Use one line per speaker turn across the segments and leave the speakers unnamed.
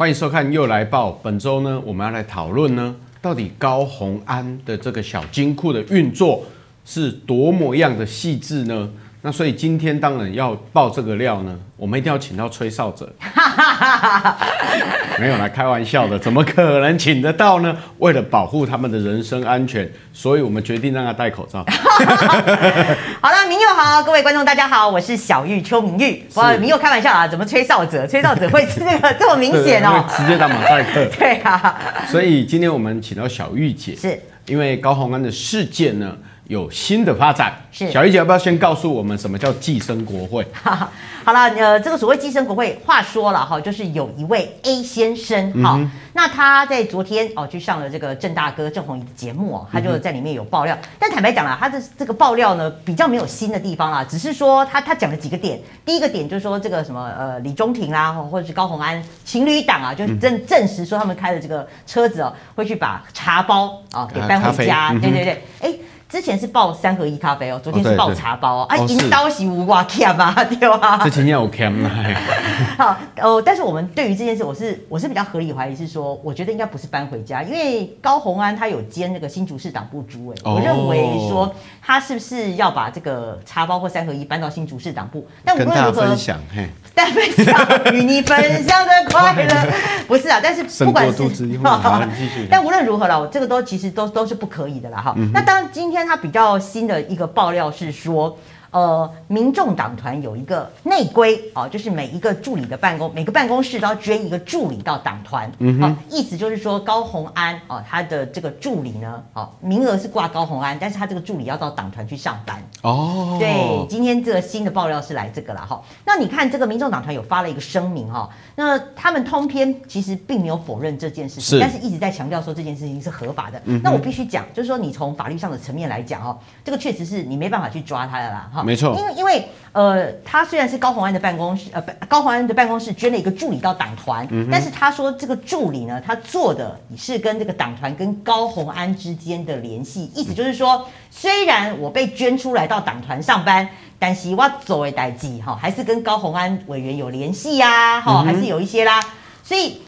歡迎收看《祐來爆》。本周呢，我們要來討論呢，到底高虹安的這個小金庫的運作是多麼樣的細致呢？那所以今天當然要爆這個料呢，我們一定要請到吹哨者。 沒有啦，開玩笑的，怎麼可能請得到呢？為了保護他們的人身安全，所以我們決定讓他戴口罩。
好了，銘祐好，各位觀眾大家好，我是小玉邱明玉。是哇，銘祐開玩笑啊，怎麼吹哨者？吹哨者會那個這麼明顯哦？直
接打馬賽克。
對啊。所
以今天我們請到小玉姐，是因為高虹安的事件呢。有新的發展，是小玉姐要不要先告訴我們什麼叫寄生國會？
好了，呃，這個所謂寄生國會，話說了哈、哦，就是有一位 A 先生哈，哦嗯、哼那他在昨天哦去上了這個鄭大哥鄭弘儀的節目哦，他就在裡面有爆料，嗯、哼但坦白講了，他的這個爆料呢比較沒有新的地方啦，只是說他他講了幾個點，第一個點就是說這個什麼呃李宗廷啦，或者是高虹安情侶檔啊，就證、嗯、證實說他們開的這個車子哦會去把茶包啊、哦、給搬回家，呃嗯、對對對，哎、欸。之前是報三合一咖啡哦、喔，昨天是報茶包、喔、哦，對對哦啊，銀刀洗無掛 c a 啊，對吧？之前也有 cam 好，哦、呃，但是我們對於這件事，我是我是比較合理懷疑，是說，我覺得應該不是搬回家，因為高虹安他有兼那個新竹市黨部主委，哦、我認為說他是不是要把這個茶包或三合一搬到新竹市黨部？但無論如何。嘿但分享與你分享的快樂， 快樂 不是啊，但是不管是，好，好，好，但無論如何了，我這個都其實都都是不可以的了哈。嗯、哼那當然今天他比較新的一個爆料是說。呃，民眾黨團有一個內規哦，就是每一個助理的辦公，每個辦公室都要捐一個助理到黨團。嗯好哼、哦，意思就是說高虹安哦，他的這個助理呢，哦，名額是掛高虹安，但是他這個助理要到黨團去上班。
哦。對，今
天這個新的爆料是來這個了哈、哦。那你看這個民眾黨團有發了一個聲明哦，那他們通篇其實並沒有否認這件事情，是但是一直在強調說這件事情是合法的。嗯哼。那我必須講，就是說你從法律上的層面來講哦，這個確實是你沒辦法去抓他的啦。哦沒錯，因為因為呃，他雖然是高虹安的辦公室，呃，不，高虹安的辦公室捐了一個助理到黨團，嗯、哼但是他說這個助理呢，他做的也是跟這個黨團跟高虹安之間的聯繫，意思就是說，嗯、雖然我被捐出來到黨團上班，但是我要作為代際哈，還是跟高虹安委員有聯繫呀，哈，還是有一些啦，嗯、哼所以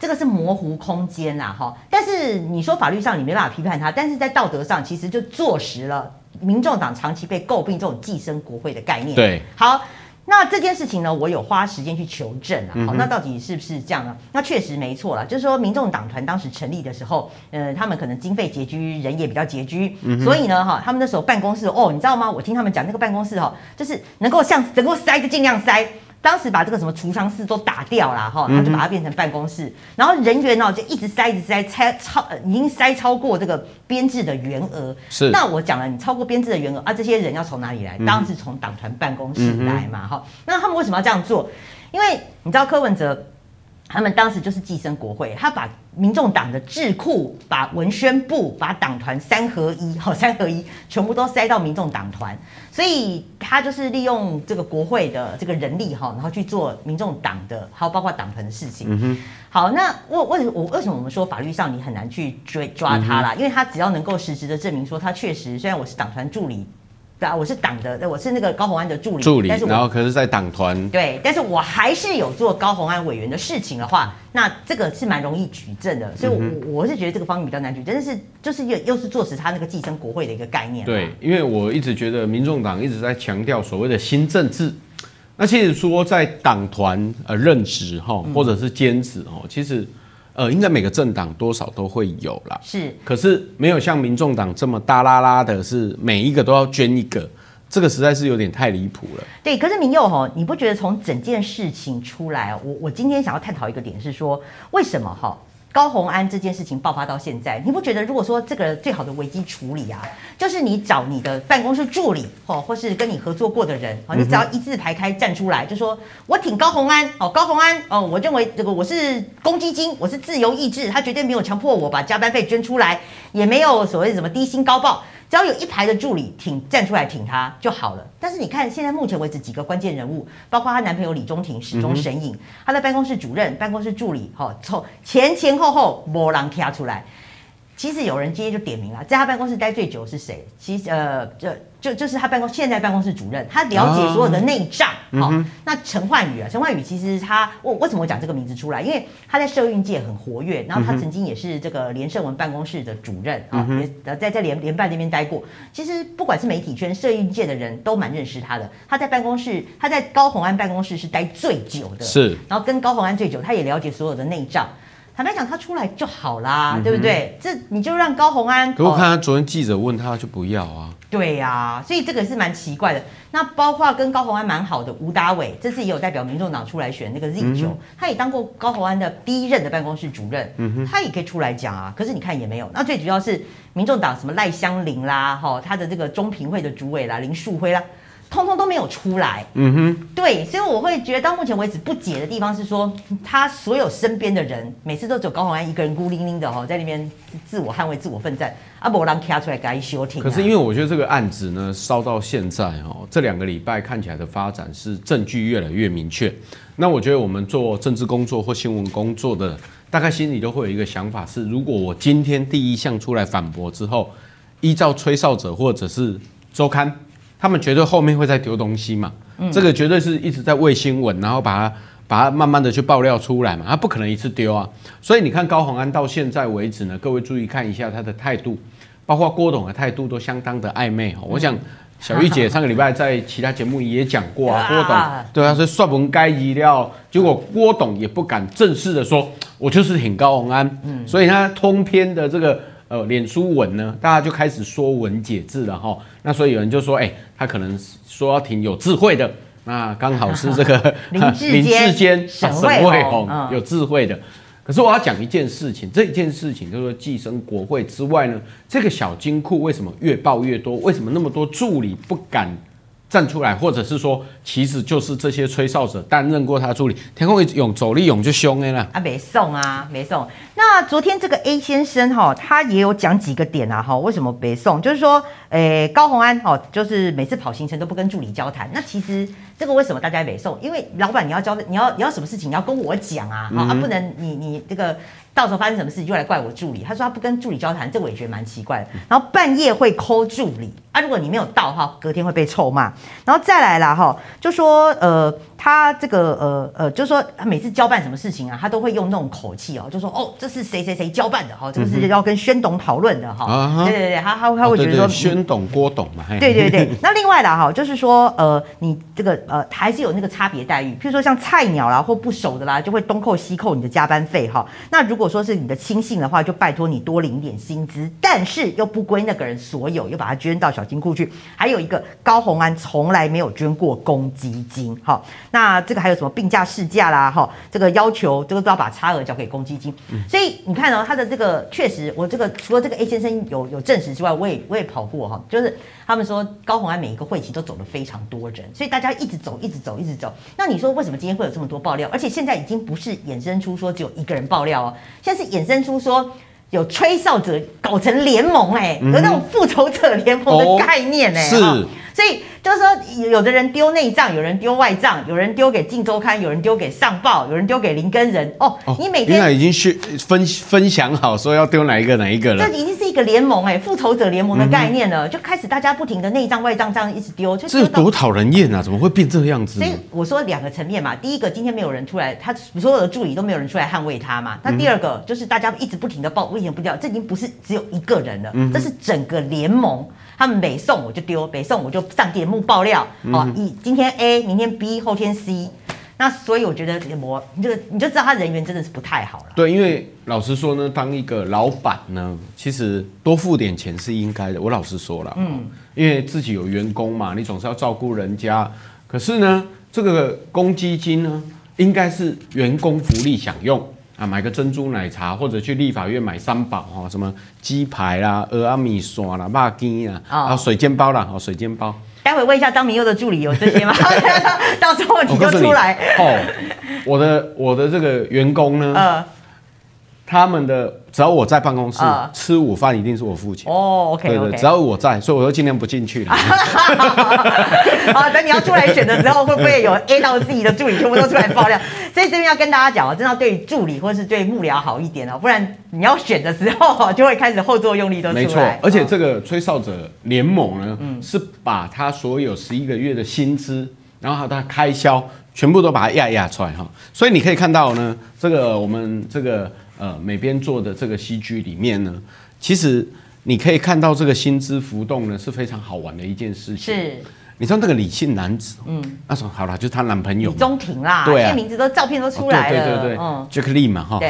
這個是模糊空間啦，哈，但是你說法律上你沒辦法批判他，但是在道德上其實就坐實了。民眾黨長期被詬病這種寄生國會的概念。對，好，那這件事情呢，我有花時間去求證了。嗯、哼好，那到底是不是這樣呢？那確實沒錯了，就是說，民眾黨團當時成立的時候，呃，他們可能經費拮據，人也比較拮據，嗯、哼所以呢，哈、哦，他們那時候辦公室，哦，你知道嗎？我聽他們講那個辦公室哈、哦，就是能夠像能夠塞就儘量塞。當時把這個什麼儲藏室都打掉了哈，他就把它變成辦公室，嗯、哼然後人員呢就一直塞、一直塞、塞超，呃，已經塞超過這個編制的員額。是。那我講了，你超過編制的員額啊，這些人要從哪裡來？嗯、哼當然是從黨團辦公室來嘛哈、嗯哼。那他們為什麼要這樣做？因為你知道柯文哲。他們當時就是寄生國會，他把民眾黨的智庫、把文宣部、把黨團三合一，好，三合一，全部都塞到民眾黨團，所以他就是利用這個國會的這個人力哈，然後去做民眾黨的，還有包括黨團的事情。嗯哼，好，那我為什麼我，我為什麼我們說法律上你很難去追抓他啦？因為他只要能夠實質的證明說他確實，雖然我是黨團助理。對啊，我是黨的，我是那個高虹安的助理。助理，然後
可是，在黨團
對，但是我還是有做高虹安委員的事情的話，那這個是蠻容易舉證的，所以我，我、嗯、哼我是覺得這個方面比較難舉，但是就是又又是坐實他那個寄生國會的一個概念。對，
因為我一直覺得民眾黨一直在強調所謂的新政治，那其實說在黨團呃任職哈，或者是兼職哦，其實。呃，應該每個政黨多少都會有啦，是。可是沒有像民眾黨這麼大啦啦的，是每一個都要捐一個，這個實在是有點太離譜了。
對，可是銘祐吼、哦，你不覺得從整件事情出來，我我今天想要探討一個點是說，為什麼哈？高虹安這件事情爆發到現在，你不覺得如果說這個最好的危機處理啊，就是你找你的辦公室助理哦，或是跟你合作過的人哦，你只要一字排開站出來，就說我挺高虹安哦，高虹安哦，我認為這個我是公積金，我是自由意志，他絕對沒有強迫我把加班費捐出來，也沒有所謂什麼低薪高報。只要有一排的助理挺，站出來挺他就好了。但是你看，現在目前為止幾個關鍵人物，包括她男朋友李中庭始終神隱，她的、嗯、哼辦公室主任、辦公室助理，哈，從前前後後沒人跳出來。其實有人今天就點名了，在他辦公室待最久是誰？其實呃，這就就就是他辦公現在辦公室主任，他了解所有的內賬。好，那陳煥宇啊，陳煥宇其實他為為什麼我講這個名字出來？因為他在社運界很活躍，然後他曾經也是這個連勝文辦公室的主任啊、嗯哼哦，也在在聯聯辦那邊待過。其實不管是媒體圈、社運界的人都蠻認識他的。他在辦公室，他在高虹安辦公室是待最久的，是，然後跟高虹安最久，他也了解所有的內賬。坦白講，講他出來就好啦，嗯、哼對不對？這你就讓高虹安。我看
他昨天記者問他就不要啊。哦、
對呀、啊，所以這個是蠻奇怪的。那包括跟高虹安蠻好的吳達偉，這次也有代表民眾黨出來選那個 Z 九、嗯哼，他也當過高虹安的第一任的辦公室主任，嗯、哼他也可以出來講啊。可是你看也沒有。那最主要是民眾黨什麼賴香伶啦，哈、哦，他的這個中評會的主委啦，林樹輝啦。通通都沒有出來，嗯哼，對，所以我會覺得到目前為止不解的地方是說，他所有身邊的人每次都走高虹安一個人孤零零的哈，在那邊自我捍衛、自我奮戰，阿我讓卡出來該休庭。可是因為
我覺得這個案子呢，燒到現在哦、喔，這兩個禮拜看起來的發展是證據越來越明確。那我覺得我們做政治工作或新聞工作的，大概心裡都會有一個想法是：如果我今天第一項出來反駁之後，依照吹哨者或者是周刊。他們絕對後面會再丟東西嘛，嗯、這個絕對是一直在餵新聞，然後把它把它慢慢的去爆料出來嘛，他不可能一次丟啊。所以你看高虹安到現在為止呢，各位注意看一下他的態度，包括郭董的態度都相當的曖昧。嗯、我想小玉姐上個禮拜在其他節目也講過啊，啊、郭董對他、啊、說算不該伊料，結果郭董也不敢正式的說，我就是挺高虹安，嗯、所以呢，通篇的這個。呃，臉書文呢，大家就開始說文解字了哈。那所以有人就說，哎、欸，他可能說要挺有智慧的。那剛好是這個林智堅、沈慧、啊、虹、嗯、有智慧的。可是我要講一件事情，這件事情就是說，寄生國會之外呢，這個小金庫為什麼越爆越多？為什麼那麼多助理不敢站出來，或者是說，其實就是這些吹哨者擔任過他的助理。天空一勇走力勇就凶 A 了
啊，沒送啊，沒送。那昨天這個 A 先生哈、哦，他也有講幾個點啊哈，為什麼沒送？就是說，誒、欸，高虹安哈、哦，就是每次跑行程都不跟助理交談。那其實這個為什麼大家沒送？因為老板你要交，你要你要什麼事情你要跟我講啊，嗯、哼啊，不能你你這個。到時候發生什麼事情就來怪我助理，他說他不跟助理交談，這我也覺得蠻奇怪的。然後半夜會 call 助理啊，如果你沒有到哈，隔天會被臭罵。然後再來啦哈，就說呃。他這個呃呃，就是、說他每次交辦什麼事情啊，他都會用那種口氣哦，就說哦，這是誰誰誰交辦的哈、哦，這個是要跟宣董討論的哈，哦嗯、哼對對對，他他他會覺得說、哦、對對宣
董郭董嘛對，對對對。那
另外啦哈、哦，就是說呃，你這個呃還是有那個差別待遇，譬如說像菜鳥啦或不熟的啦，就會東扣西扣你的加班費哈、哦。那如果說是你的親信的話，就拜託你多領一點薪資，但是又不歸那個人所有，又把他捐到小金庫去。還有一個高虹安從來沒有捐過公積金哈。哦那這個還有什麼病假、事假啦？哈，這個要求，這個都要把差額交給公積金。嗯、所以你看哦、喔，他的這個確實，我這個除了這個 A 先生有有證實之外，我也我也跑過哈、喔，就是他們說高虹安每一個會期都走得非常多人，所以大家一直走，一直走，一直走。那你說為什麼今天會有這麼多爆料？而且現在已經不是衍生出說只有一個人爆料哦、喔，現在是衍生出說有吹哨者搞成聯盟、欸，哎、嗯，有那種復仇者聯盟的概念、欸，哎、哦，是。所以就是說，有的人丟內臟，有人丟外臟，有人丟給《鏡周刊》，有人丟給《上報》，有人丟給林根人。哦，哦你每天林已
經是分分，分享好說要丟哪一個哪一個了。這
已經是一個聯盟哎、欸，復仇者聯盟的概念了，嗯、哼就開始大家不停的內臟外臟這樣一直丟，就丟這有多
討人厭啊！怎麼會變這個樣子？所
以我說兩個層面嘛，第一個今天沒有人出來，他所有的助理都沒有人出來捍衛他嘛。那第二個、嗯、哼就是大家一直不停的爆，威脅不掉，這已經不是只有一個人了，這是整個聯盟。嗯他們每送我就丟，每送我就上節目爆料。好、哦，今天 A，明天 B，後天 C，那所以我覺得我，你這你就知道他人緣真的是不太好了。
對，因為老實說呢，當一個老闆呢，其實多付點錢是應該的。我老實說了，嗯，因為自己有員工嘛，你總是要照顧人家。可是呢，這個公積金呢，應該是員工福利享用。啊，買個珍珠奶茶，或者去立法院買三寶，啊，什麼雞排啦、蚵仔麵線啦、肉羹啊，啊、oh. 水煎包啦，好水煎包。
待會問一下張銘祐的助理有這些嗎？ 到時候你就出來。我，
哦、我的我的這個員工呢？Uh. 他們的。只要我在辦公室、uh, 吃午飯，一定是我父親
哦。Oh, OK okay. 對對只要
我在，所以我就盡量不進去
了。啊， 等你要出來選的時候，會不會有 A 到 Z 的助理全部都出來爆料？ 所以這邊要跟大家講啊，真的對助理或是對幕僚好一點哦，不然你要選的時候，就會開始後座用力都出來。沒錯，而
且這個吹哨者聯盟呢，嗯、是把他所有十一個月的薪資，然後他開銷全部都把它壓壓出來哈。所以你可以看到呢，這個我們這個。呃，每邊做的這個 CG 裡面呢，其實你可以看到這個薪資浮動呢是非常好玩的一件事情。是，你知道那個李姓男子，嗯，他、啊、說好了，就是她男朋友李
宗廷啦，對啊，名字都照片都出來了，哦、對對對，嗯
，Jack Lee 嘛哈，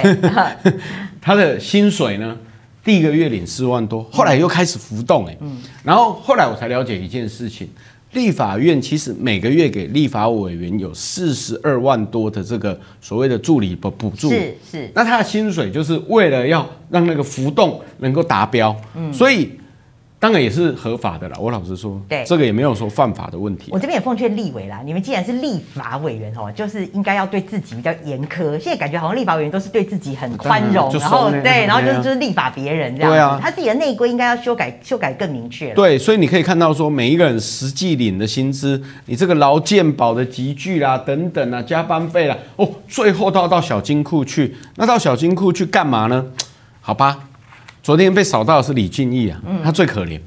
對
他的薪水呢，第一個月領四萬多，後來又開始浮動哎、欸，嗯，然後後來我才了解一件事情。立法院其實每個月給立法委員有四十二萬多的這個所謂的助理補補助，是，是是。那他的薪水就是為了要讓那個浮動能夠達標，嗯，所以。當然也是合法的啦，我老實說，對這個也沒有說犯法的問題。我
這邊也奉勸立委啦，你們既然是立法委員哦，就是應該要對自己比較嚴苛。現在感覺好像立法委員都是對自己很寬容，嗯、然後對，然後就是就是立法別人這樣子。對啊、他自己的內規應該要修改，修改更明確。對，
所以你可以看到說，每一個人實際領的薪資，你這個勞健保的集聚啦、啊，等等啊，加班費啦、啊，哦，最後到到小金庫去，那到小金庫去幹嘛呢？好吧。昨天被掃到的是李俊毅啊，他最可憐。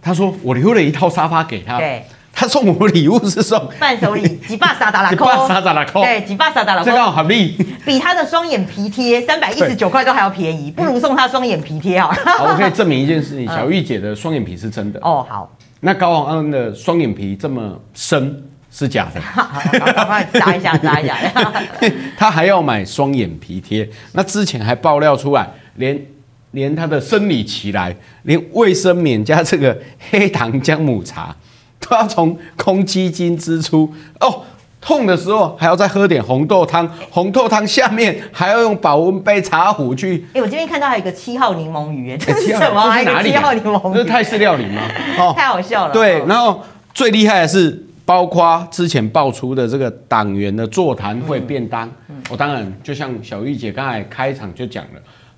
他說我留了一套沙發給他。對，他送我禮物是送
伴手禮，吉巴沙打拉扣。吉巴沙打拉扣。對，吉巴沙打拉扣。這個好合理，比他的雙眼皮貼三百一十九塊都還要便宜，不如送他雙眼皮貼好。我可以證
明一件事情，小玉姐的雙眼皮是真的。哦，好。那高虹安的雙眼皮這麼深是假的。眨
一下，眨一下。
他還要買雙眼皮貼，那之前還爆料出來連連他的生理期來，連衛生棉加這個黑糖薑母茶，都要從公積金支出哦。痛的時候還要再喝點紅豆湯，紅豆湯下面還要用保溫杯茶壺去。哎、
欸，我今天看到還有一個七號檸檬魚，欸、這是什麼？是哪裡、啊？七號檸檬？這是泰式料理嗎？哦、太好笑了。對，
然後最厲害的是，包括之前爆出的這個黨員的座談會便當，我、嗯嗯哦、當然就像小玉姐剛才開場就講了。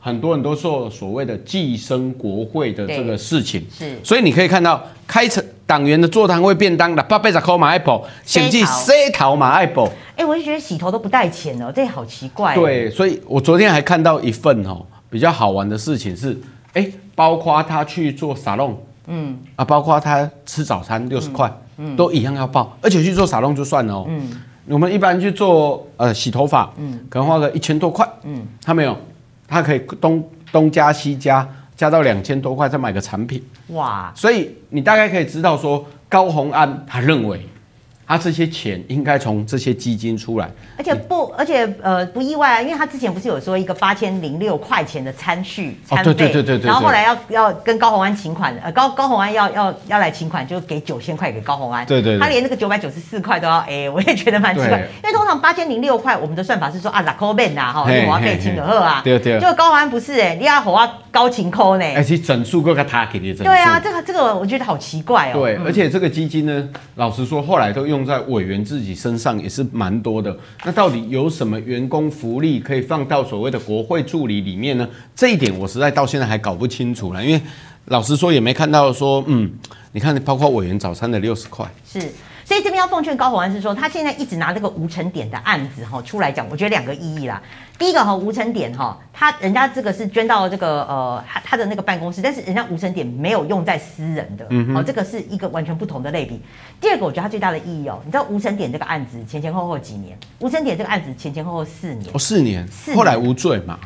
很多人都做所謂的“寄生國會”的這個事情，是，所以你可以看到開成黨員的座談會便當的，680塊也要報，甚至洗頭也要報。
哎、欸，我就覺得洗頭都不帶錢哦、喔，這好奇怪、欸。對，
所以我昨天還看到一份哦、喔，比較好玩的事情是，哎、欸，包括他去做沙龍，嗯，啊，包括他吃早餐六十塊，嗯嗯、都一樣要報，而且去做沙龍就算了哦、喔，嗯，我們一般去做呃洗頭髮，嗯，可能花個一千多塊，嗯，他沒有。他可以東東加西加，加到兩千多塊，再買個產品。哇！所以你大概可以知道說，高虹安他認為。他這些錢應該從這些基金出來，
而且不，而且呃不意外啊，因為他之前不是有說一個八千零六塊錢的餐費，哦，對對，對，對，然後後來要對對對對，要跟高虹安請款，呃高高虹安要要要來請款，就給九千塊給高虹安，對對，對，他連那個九百九十四塊都要，欸，我也覺得蠻奇怪，對 因為通常八千零六塊，我們的算法是說啊，拉扣變啊，哈，因為我要被啊，對對，對，就高虹安不是哎，欸，你要我要高請扣呢，哎，欸，其
實整數夠個他給的整數，對啊，
這個這個我覺得好奇怪哦、喔，對，而且
這個基金呢，嗯、老實說後來都用。用在委員自己身上也是蠻多的。那到底有什麼員工福利可以放到所謂的國會助理裡面呢？這一點我實在到現在還搞不清楚了。因為老實說也沒看到說，嗯，你看，你包括委員早餐的六十塊是。
所以這邊要奉勸高虹安是說，他現在一直拿這個吳成典的案子哈出來講，我覺得兩個意義啦。第一個哈，吳成典哈，他人家這個是捐到這個呃他他的那個辦公室，但是人家吳成典沒有用在私人的，哦，這個是一個完全不同的類比。第二個，我覺得他最大的意義哦，你知道吳成典這個案子前前後後幾年，吳成典這個案子前前後後四年，哦，
四年，後來無罪嘛。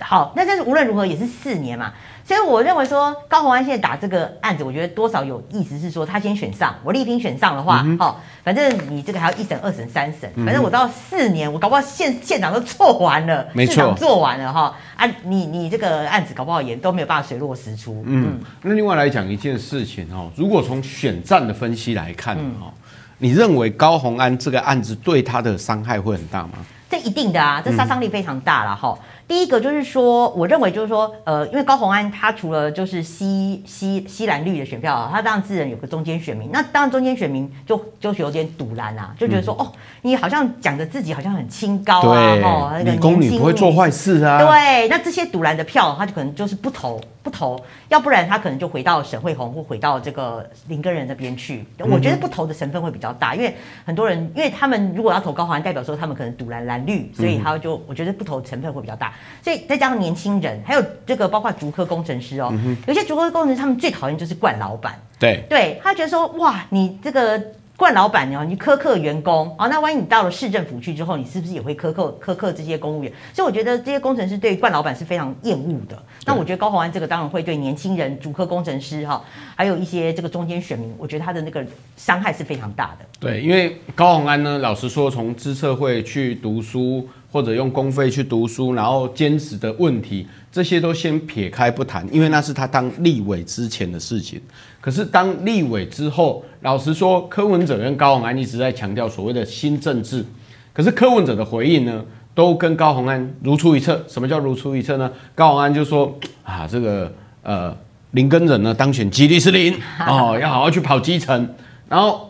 好，那但是無論如何也是四年嘛，所以我認為說高虹安現在打這個案子，我覺得多少有意思是說他先選上，我力拼選上的話、嗯哼哦，反正你這個還要一審、二審、三審，反正我到四年，我搞不好縣縣長都做完了，沒錯錯，市長做完了哈、哦，啊你，你你這個案子搞不好也都沒有辦法水落石出。
嗯，嗯那另外來講一件事情哦，如果從選戰的分析來看、嗯哦、你認為高虹安這個案子對他的傷害會很大嗎？
這一定的啊，這殺傷力非常大了哈。嗯哦第一個就是說，我認為就是說，呃，因為高虹安他除了就是西西西藍綠的選票啊，他當然自然有個中間選民，那當然中間選民就就是有點賭藍啊，就覺得說，嗯、哦，你好像講的自己好像很清高啊，對哦，那個女不會做
壞事啊，
對，那這些賭藍的票，他就可能就是不投不投，要不然他可能就回到沈慧虹或回到這個林耕仁那邊去。嗯、我覺得不投的成分會比較大，因為很多人，因為他們如果要投高虹安，代表說他們可能賭藍藍綠，所以他就我覺得不投的成分會比較大。嗯嗯所以再加上年輕人，還有這個包括竹科工程師哦，嗯、哼有些竹科工程師他們最討厭就是慣老闆。對，對他覺得說，哇，你這個慣老闆，哦，你苛刻員工，哦、啊，那萬一你到了市政府去之後，你是不是也會苛刻苛刻這些公務員？所以我覺得這些工程師對於慣老闆是非常厭惡的。對那我覺得高虹安這個當然會對年輕人、竹科工程師哈、哦，還有一些這個中間選民，我覺得他的那個傷害是非常大的。
對，因為高虹安呢，老實說，從資策會去讀書。或者用公費去讀書，然後兼職的問題，這些都先撇開不談，因為那是他當立委之前的事情。可是當立委之後，老實說，柯文哲跟高虹安一直在強調所謂的新政治。可是柯文哲的回應呢，都跟高虹安如出一轍。什麼叫如出一轍呢？高虹安就說：“啊，這個呃，林根人呢，當選機率是零哦，要好好去跑基層。”然後。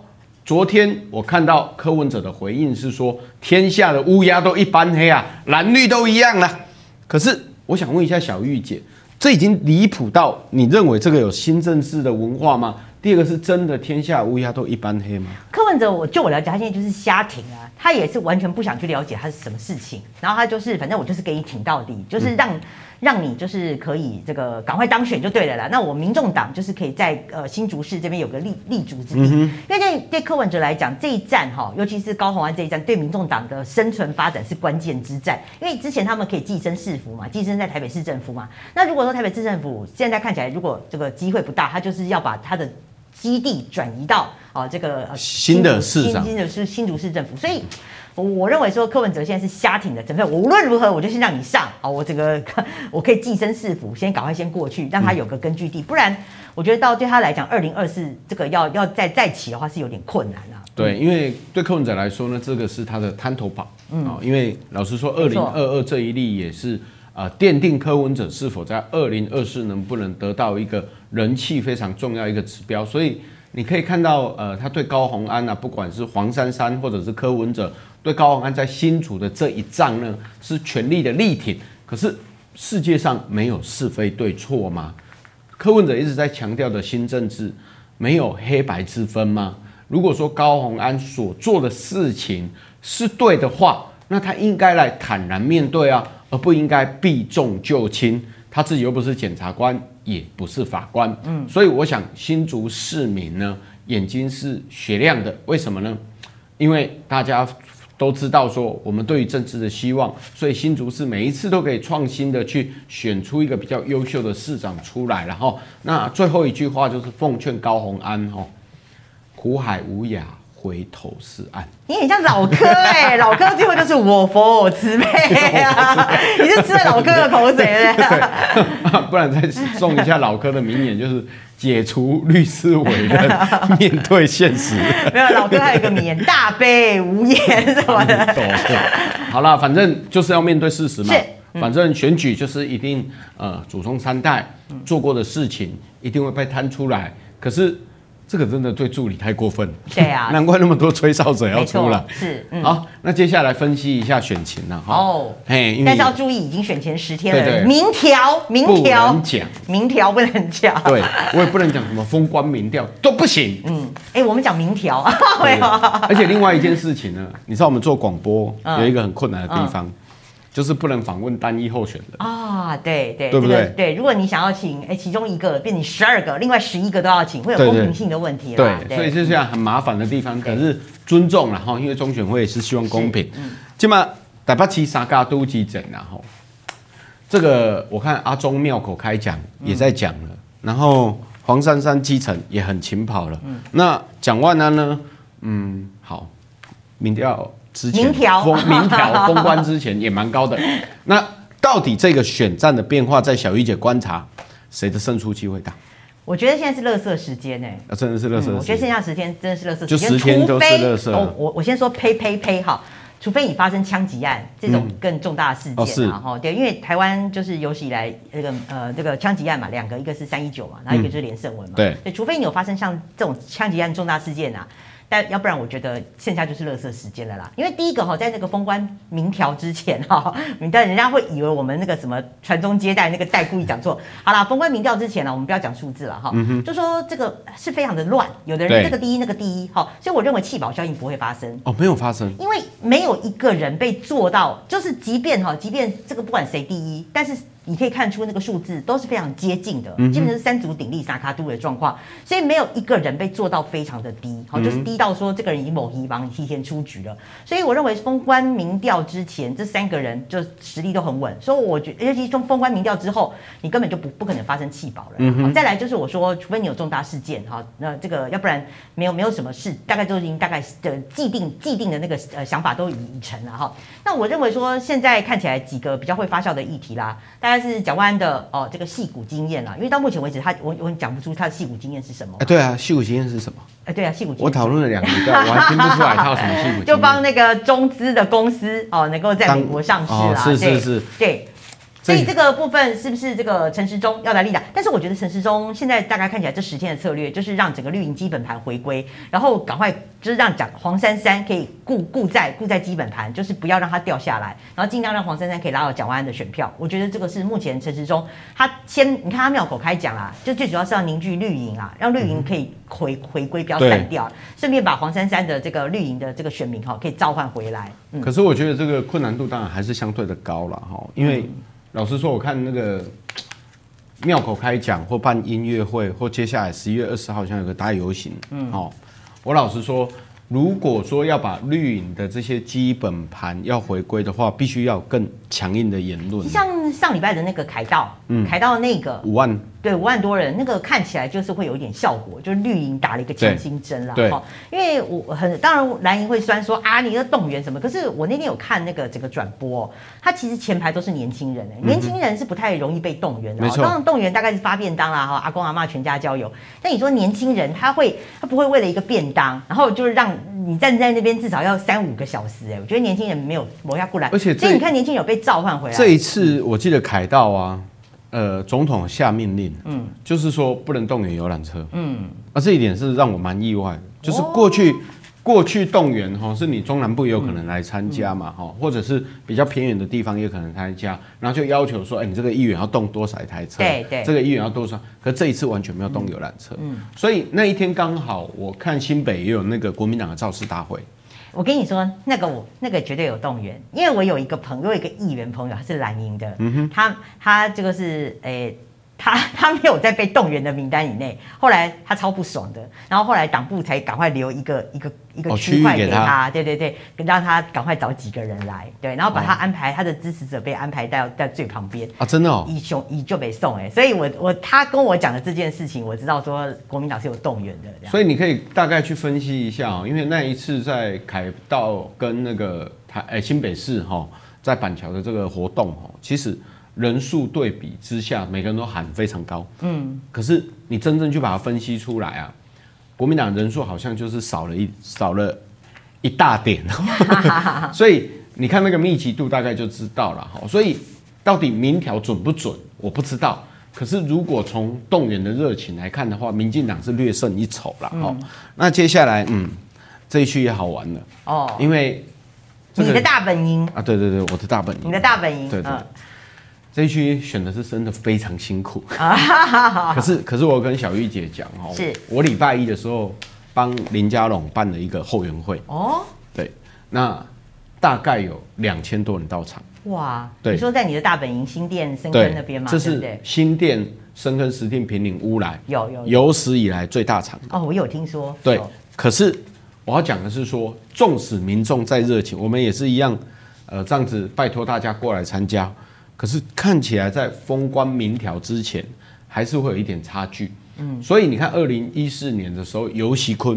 昨天我看到柯文哲的回應是說，天下的烏鴉都一般黑啊，藍綠都一樣了啊。可是我想問一下小玉姐，這已經離譜到你認為這個有新政治的文化嗎？第二個是真的天下的烏鴉都一般黑嗎？
柯文哲，我就我來講，他現在就是瞎挺啊。他也是完全不想去了解他是什麼事情，然後他就是反正我就是給你挺到底，就是讓、嗯、讓你就是可以這個趕快當選就對了啦。那我們民眾黨就是可以在呃新竹市這邊有個立立足之地，嗯、哼因為對對柯文哲來講這一戰哈、哦，尤其是高虹安這一戰對民眾黨的生存發展是關鍵之戰。因為之前他們可以寄生市府嘛，寄生在台北市政府嘛。那如果說台北市政府現在看起來如果這個機會不大，他就是要把他的。基地轉移到啊這個新的市新的市，新竹市政府，所以我認為說柯文哲現在是瞎挺的政府，我無論如何，我就先讓你上啊，我整個我可以寄身市府，先趕快先過去，讓他有個根據地，不然我覺得到對他來講，二零二四這個要要再再起的話是有點困難啊。
對，因為對柯文哲來說呢，這個是他的灘頭堡，啊，因為老實說，二零二二這一例也是。啊，奠定柯文哲是否在二零二四能不能得到一個人氣非常重要一個指標。所以你可以看到，呃，他對高虹安啊，不管是黃珊珊或者是柯文哲，對高虹安在新竹的這一仗呢，是全力的力挺。可是世界上沒有是非對錯嗎？柯文哲一直在強調的新政治沒有黑白之分嗎？如果說高虹安所做的事情是對的話，那他應該來坦然面對啊。而不應該避重就輕，他自己又不是檢察官，也不是法官，嗯，所以我想新竹市民呢，眼睛是雪亮的，為什麼呢？因為大家都知道說，我們對於政治的希望，所以新竹市每一次都可以創新的去選出一個比較優秀的市長出來，然後那最後一句話就是奉勸高虹安哦，苦海無涯，回頭是岸，
你很像老柯哎、欸， 老柯最後就是我佛我慈悲， 你是吃了老柯的口水
不然再送一下老柯的名言，就是解除律師委任，面對現實。 沒有，老柯還有一
個名言， 大悲無
言 好啦，反正就是要面對事實嘛。嗯、反正選舉就是一定呃，祖宗三代做過的事情一定會被攤出來。嗯、可是這個真的對助理太過分，對啊， 難怪那麼多吹哨者要出來。是，嗯、好，那接下來分析一下選情了，啊、哈。哦，嘿，因為但是要
注意，已經選前十天了，民調對對對，民調不能講，民調不能講。對，
我也不能講什麼封關民調都不行。
嗯，哎、欸，我們講民調啊，沒
有。 而且另外一件事情呢，嗯、你知道我們做廣播有一個很困難的地方。嗯嗯就是不能訪問單一候選的
啊、哦，對對，對不對？對，如果你想要請哎、欸、其中一個，變成十二個，另外十一個都要請，會有公平性的問題對，對，對，對對，所以
就這樣很麻煩的地方。對可是尊重啦吼，因為中選會也是希望公平。今嘛，第八期沙嘎都基診、這個，嗯、然後，這個我看阿中廟口開講也在講了，然後黃珊珊基層也很勤跑了。嗯、那蔣萬安呢，嗯，好，民調之前封民調封關之前也蠻高的， 那到底這個選戰的變化，在小玉姐觀察，誰的勝出機會大？
我覺得現在是垃圾時間哎、
欸啊，真的是垃圾時間、嗯。我覺得剩
下的時間真的是垃圾時間，除非我我先說呸呸呸哈，除非你發生槍擊案這種更重大的事件嘛、啊、哈、嗯哦，對，因為台灣就是有史以來那、這個呃那、這個槍擊案嘛，兩個一個是三一九嘛，然後一個就是連勝文嘛，嗯、對，對，除非你有發生像這種槍擊案重大事件啊。但要不然，我覺得剩下就是垃圾時間了啦。因為第一個哈，在那個封關民調之前哈，但人家會以為我們那個什麼傳宗接代那個代故意講錯。 好啦，封關民調之前呢、啊，我們不要講數字了哈，嗯、哼就說這個是非常的亂。有的人對這個第一，那個第一哈，所以我認為棄保效應不會發生。
哦，沒有發生，因
為沒有一個人被做到，就是即便哈，即便這個不管誰第一，但是。你可以看出那個數字都是非常接近的，基本上是三足鼎立、沙卡都的狀況，所以沒有一個人被做到非常的低，好，就是低到說這個人以某一方提前出局了。所以我認為封關民調之前，這三個人就實力都很穩。所以我覺得，尤其是封關民調之後，你根本就不不可能發生棄保了。再來就是我說，除非你有重大事件，哈，那這個要不然沒有沒有什麼事，大概就已經大概的既定既定的那個呃想法都已已成了哈。那我認為說現在看起來幾個比較會發酵的議題啦，大家。但是蔣萬安的哦，這個矽谷經驗啊。因為到目前為止，他我我講不出他的矽谷經驗是、啊欸
啊、是什麼。哎、欸，對啊，矽谷經驗是什麼？哎，對啊，矽谷經驗。我討論了兩年，我還聽不出來他 有什麼矽谷經驗。就
幫那個中資的公司哦，能夠在美國上市啊、哦，是是是，對。是對所以這個部分是不是這個陳時中要來力打？但是我覺得陳時中現在大概看起來，這時間的策略就是讓整個綠營基本盤回歸，然後趕快就是讓黃珊珊可以顧在顧在基本盤，就是不要讓它掉下來，然後盡量讓黃珊珊可以拉到蔣萬安的選票。我覺得這個是目前陳時中他先你看他妙口開講啦、啊，就最主要是要凝聚綠營啊，讓綠營可以回回歸，不要散掉、啊，順、嗯、便把黃珊珊的這個綠營的這個選民哈可以召喚回來。嗯、
可是我覺得這個困難度當然還是相對的高了哈，因為。老實說，我看那個廟口開講，或辦音樂會，或接下來十一月二十號，好像有個大遊行。嗯，哦，我老實說，如果說要把綠營的這些基本盤要回歸的話，必須要有更強硬的言論。嗯、像
上禮拜的那個凱道，凱道那個五萬。對，五萬多人，那個看起來就是會有一點效果，就是綠營打了一個強心針啦。對、哦，因為我很當然藍營會酸說啊，你要動員什麼？可是我那天有看那個整個轉播、哦，他其實前排都是年輕人，年輕人是不太容易被動員的。沒錯、嗯哼，當然動員大概是發便當啦，哈、哦，阿公阿媽全家郊遊，但你說年輕人他會他不會為了一個便當，然後就是讓你站在那邊至少要三五個小時，我覺得年輕人沒有摩下不來。而且，所以你看年輕人有被召喚回來。這一
次我記得凱道啊。呃，總統下命令，嗯，就是說不能動員遊覽車，嗯，那這一點是讓我蠻意外的，就是過去，哦、過去動員吼，是你中南部也有可能來參加嘛，哈、嗯，或者是比較偏遠的地方也可能參加，然後就要求說，哎、欸，你這個議員要動多少一台車，對對，對這個議員要多少，可這一次完全沒有動遊覽車，嗯，所以那一天剛好我看新北也有那個國民黨的造勢大會。我跟你說，那個我那個絕對有動員，
因為我有一個朋友，我有一個議員朋友，他是藍營的，嗯哼，他他這、就、個是誒。欸他他沒有在被動員的名單以內，後來他超不爽的，然後後來黨部才趕快留一個一個一個區塊給他，哦、給他對對對，讓他趕快找幾個人來，對，然後把他安排，哦、他的支持者被安排到在，在最旁邊啊，真的哦，一熊一就被送哎，所以我我他跟我講的這件事情，我知道說國民黨是有動員的，
所以你可以大概去分析一下哦，因為那一次在凱道跟那個台哎新北市哈、哦，在板橋的這個活動哦，其實。人數對比之下，每個人都喊非常高，嗯，可是你真正去把它分析出來啊，國民黨人數好像就是少了一少了一大點， 哈哈哈哈。所以你看那個密集度大概就知道了哈。所以到底民調準不準，我不知道。可是如果從動員的熱情來看的話，民進黨是略勝一籌了哈。嗯、那接下來，嗯，這一區也好玩了哦，因為、這個、你的大本營啊，對對對，我的大本營，你的大本營，對，對對。嗯這一區選的是真的非常辛苦。
可
是可是我跟小玉姐講哦，是我禮拜一的時候幫林家龍辦了一個後援會哦，對，那大概有兩千多人到場
哇！對，你說在你的大本營新店深坑那邊嗎？這是
新店深坑、石碇、坪林、烏來有有有史以來最大場
哦！我有聽說對，
可是我要講的是說，縱使民眾再熱情，我們也是一樣，呃，這樣子拜託大家過來參加。可是看起來在封關民調之前，還是會有一點差距。嗯，所以你看二零一四年的時候，游錫堃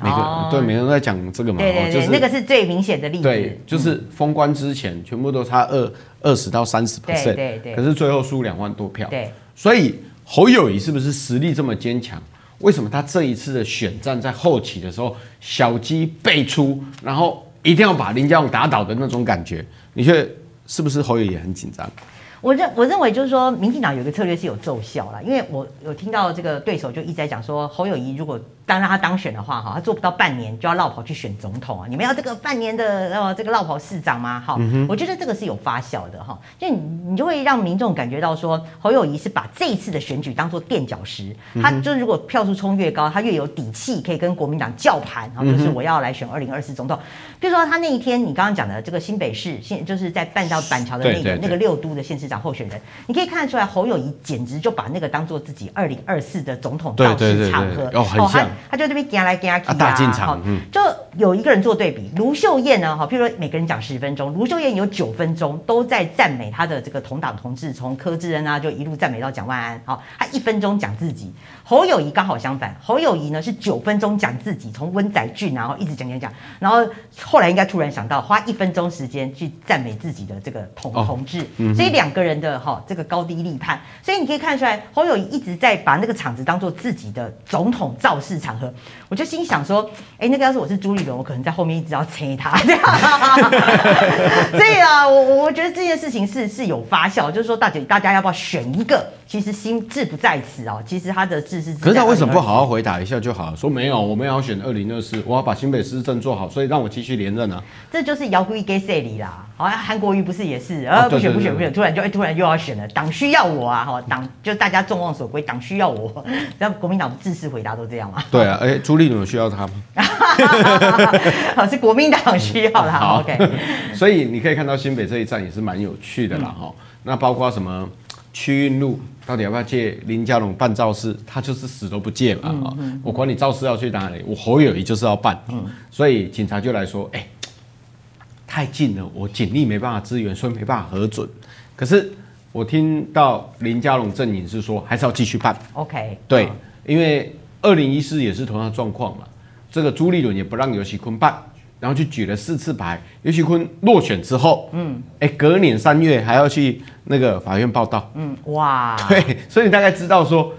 每個對每個人在講這個嘛，對對對，那個
是最明顯的例子。對，
就是封關之前，全部都差二二十到三十 percent，可是最後輸兩萬多票，對。所以侯友宜是不是實力這麼堅強？為什麼他這一次的選戰在後期的時候，小雞輩出，然後一定要把林佳龍打倒的那種感覺，你卻是不是侯友宜很緊張？
我認我認為就是說，民進黨有一個策略是有奏效啦，因為我有聽到這個對手就一直在講說，侯友宜如果，當讓他當選的話，哈，他做不到半年就要落跑去選總統啊！你們要這個半年的呃這個落跑市長嗎？好、嗯哼，我覺得這個是有發酵的哈，就你你就會讓民眾感覺到說侯友宜是把這一次的選舉當做墊腳石，嗯、哼他就是如果票數衝越高，他越有底氣可以跟國民黨叫盤，啊，就是我要來選二零二四總統。嗯、哼比如說他那一天你剛剛講的這個新北市縣，就是在辦到板橋的那個那個六都的縣市長候選人，對對對，你可以看得出來侯友宜簡直就把那個當做自己二零二四的總統造勢場合，哦，還、哦。他就在這邊幹來怕去啊，啊
大進場。嗯、
就有一個人做對比，盧秀燕呢，哈，譬如說每個人講十分鐘，盧秀燕有九分鐘都在讚美他的這個同黨同志，從柯志恩啊，就一路讚美到蔣萬安。好、哦，他一分鐘講自己。侯友宜剛好相反，侯友宜呢是九分鐘講自己，從溫載俊然、啊、後一直講講講，然後後來應該突然想到花一分鐘時間去讚美自己的這個同、哦、同志。嗯、哼所以兩個人的哈、哦、這個高低立判，所以你可以看出來，侯友宜一直在把那個場子當做自己的總統造勢場合，我就心想說，哎、欸，那個要是我是朱立倫，我可能在後面一直要催他這樣。這樣、啊 所以啊，我我覺得這件事情是是有發酵，就是說大，大姐大家要不要選一個？其實心志不在此哦，其實他的志是。可是他為什麼不好
好回答一下就好了？說沒有，我們要選二零二四，我要把新北市政做好，所以讓我繼續連任啊。
這就是姚搖龜給塞里啦。好像韓國瑜不是也是，然、啊、不選不選不選，不選，突然就突然又要選了，黨需要我啊！好、哦，黨就大家眾望所歸，黨需要我。然後國民黨的制式回答都這樣嘛？
對啊，欸，朱立倫需要他嗎？
好，是國民黨需要啦。好,好，OK。
所以你可以看到新北這一站也是蠻有趣的啦，哈、嗯哦。那包括什麼區運路，到底要不要借林佳龍辦造勢？他就是死都不借嘛，啊、嗯嗯嗯！我管你造勢要去哪裡，我侯友宜就是要辦。嗯、所以警察就來說、欸，太近了，我警力沒辦法支援，所以沒辦法核准。可是我聽到林佳龍陣營是說，還是要繼續辦。OK，對，哦、因為。二零一四也是同樣的狀況嘛，這個朱立倫也不讓游錫堃辦，然後就舉了四次牌，游錫堃落選之後，嗯、欸，隔年三月還要去那個法院報到，
嗯，哇，對，
所以你大概知道說，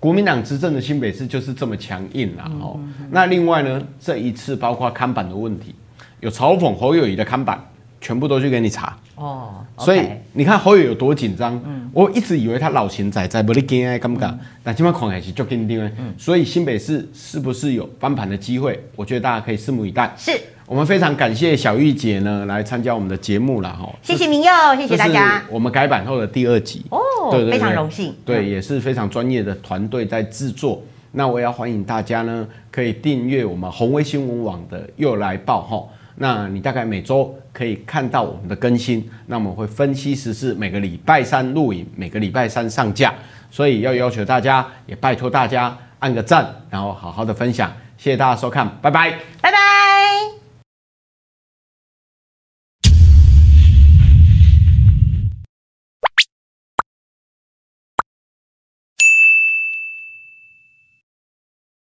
國民黨執政的新北市就是這麼強硬啦、啊，哦，嗯嗯嗯，那另外呢，這一次包括看板的問題，有嘲諷侯友宜的看板，全部都去給你查，哦，okay，所以你看侯友有多緊張，嗯。我一直以為他老錢仔在的，不你驚哎，敢唔敢？但起是抓緊點誒。所以新北市是不是有翻盤的機會？我覺得大家可以拭目以待。是我們非常感謝小玉姐呢來參加我們的節目了哈。謝謝
銘祐，謝謝大家。
我們改版後的第二集哦，
對對對，非常榮幸。對，
也是非常專業的團隊在制作。嗯、那我也要歡迎大家呢，可以訂閱我們紘威新聞網的祐來爆哈。那你大概每週可以看到我們的更新，那我們會分析時事每個禮拜三錄影，每個禮拜三上架，所以要要求大家，也拜託大家按個讚，然後好好的分享，謝謝大家收看，拜拜，拜拜。